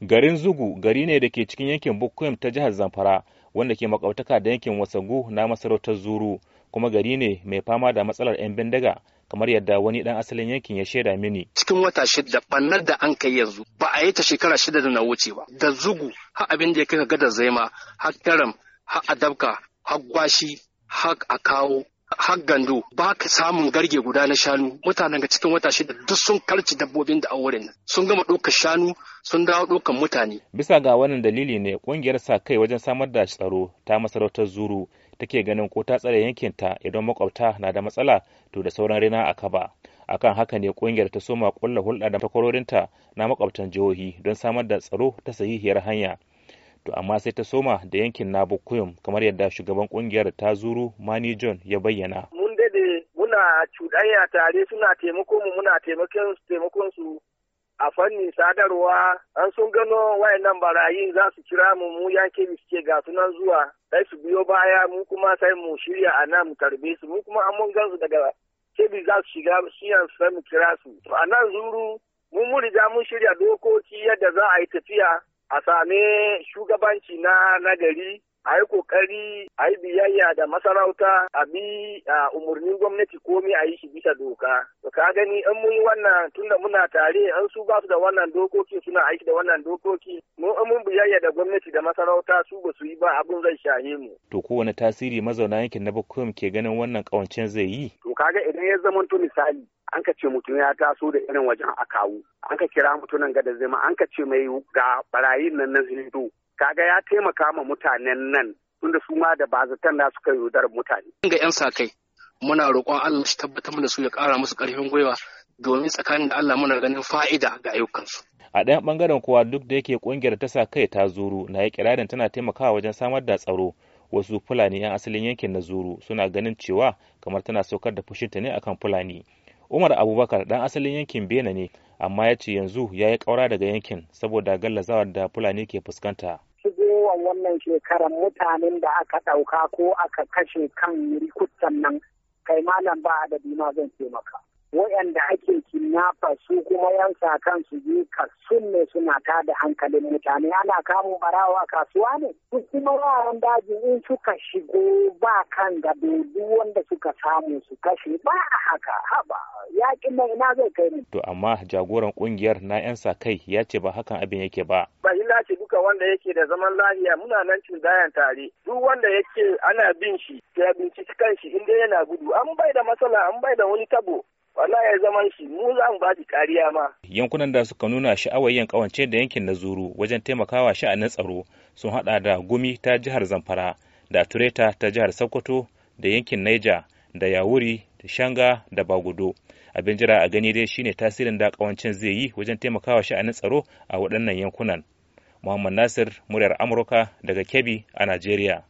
Garin Zugu gari ne da ke cikin yankin Bukkuyam ta jihar Zamfara wanda ke makautaka da yankin Wasagu na masarautar Zuru kuma gari ne mai fama da matsalar 'yan bindiga kamar yadda wani dan asalin yankin ya shaida mini. Cikin wata shida bannar da an kai yanzu ba a yi ta shekara shida da na wuce ba. Da Zugu har abin da ya kai ga da zaima har karam har adabka har gwashi har a kawo har gandu ba ka samun garge guda na shanu mutanen ga cikin wata shida duk sun karci dabbobin da auren wurin sun gama ɗaukar shanu sun dawo ɗaukar mutane. Bisa ga wannan dalili ne ƙungiyar sa kai wajen samar da tsaro ta masarautar zuru take ganin ko ta tsare yankin ta idan makwabta na da matsala to da sauran rina a kaba. akan haka ne ƙungiyar ta soma kulla hulɗa da takwarorinta na makwabtan jihohi don samar da tsaro ta sahihiyar hanya to amma sai ta soma da yankin na Nabokuyum kamar yadda shugaban kungiyar ta zuru Mani John ya bayyana. Mun dade muna cuɗanya tare suna taimako mu muna taimakon taimakon su a fanni sadarwa an sun gano wayannan barayin za su kira mu mu yanke suke ga sunan zuwa sai su biyo baya mu kuma sai mu shirya a nan mu karbe su mu kuma an mun gan su daga kebi za su shiga shiyan su sai mu kira su to a nan zuru mu mun riga mun shirya dokoki yadda za a yi tafiya a same shugabanci na nagari a yi kokari a yi biyayya da masarauta a bi a umarnin gwamnati komai a yi shi bisa doka to ka gani in mun yi wannan tunda muna tare an su ba su da wannan dokoki suna aiki da wannan dokoki mu in mun biyayya da gwamnati da masarauta su ba su yi ba abin zai shahe mu to ko wani tasiri mazauna yankin na bakwai ke ganin wannan kawancen zai yi to kaga idan ya zama to misali an ka ce mutum ya taso da irin wajen a kawo an ka kira mutumin ga da zama an ka ce mai ga barayin nan na zindo kaga ya taimaka ma mutanen nan tunda su ma da bazatan na suka yaudar mutane. ga 'yan sa kai muna roƙon Allah shi tabbatar da su ya ƙara musu ƙarfin gwiwa domin tsakanin da Allah muna ganin fa'ida ga ayyukansu. A ɗayan ɓangaren kuwa duk da yake ƙungiyar ta sa kai ta zuru na yi kirarin tana taimakawa wajen samar da tsaro wasu Fulani 'yan asalin yankin na zuru suna ganin cewa kamar tana saukar da fushinta ne akan Fulani. umar abubakar dan asalin yankin bena ne amma ya ce yanzu ya yi kaura daga yankin saboda gallazawa da fulani ke fuskanta cikin wannan shekarar mutanen da aka ɗauka ko aka kashe kan rikuttan nan kai malam ba adadi ma zan taimaka waɗanda ake kinnafa su kuma yan sa su je kasun ne suna ta da hankalin mutane ana kamun barawa kasuwa ne su kuma yaran daji in suka shigo ba kan gado duk wanda suka samu su kashe ba a haka haba yakin mai ina zai kai ne. to amma jagoran ƙungiyar na yan sa kai ya ce ba hakan abin yake ba ba ce duka wanda yake da zaman lahiya. muna nan cinzayan tare duk wanda yake ana bin shi ya binciki kanshi inda yana gudu an bai da matsala an bai da wani tabo Wala ya zaman shi mu za mu ba kariya ma yankunan da suka nuna sha'awar yin kawance da yankin na zuru wajen taimakawa sha'anin tsaro sun hada da gumi ta jihar zamfara da tureta ta jihar sokoto da yankin naija da yawuri da shanga da bagudo abin jira a gani dai shine tasirin da kawancin zai yi wajen taimakawa sha'anin tsaro a waɗannan yankunan muhammad nasir muryar amurka daga kebbi a najeriya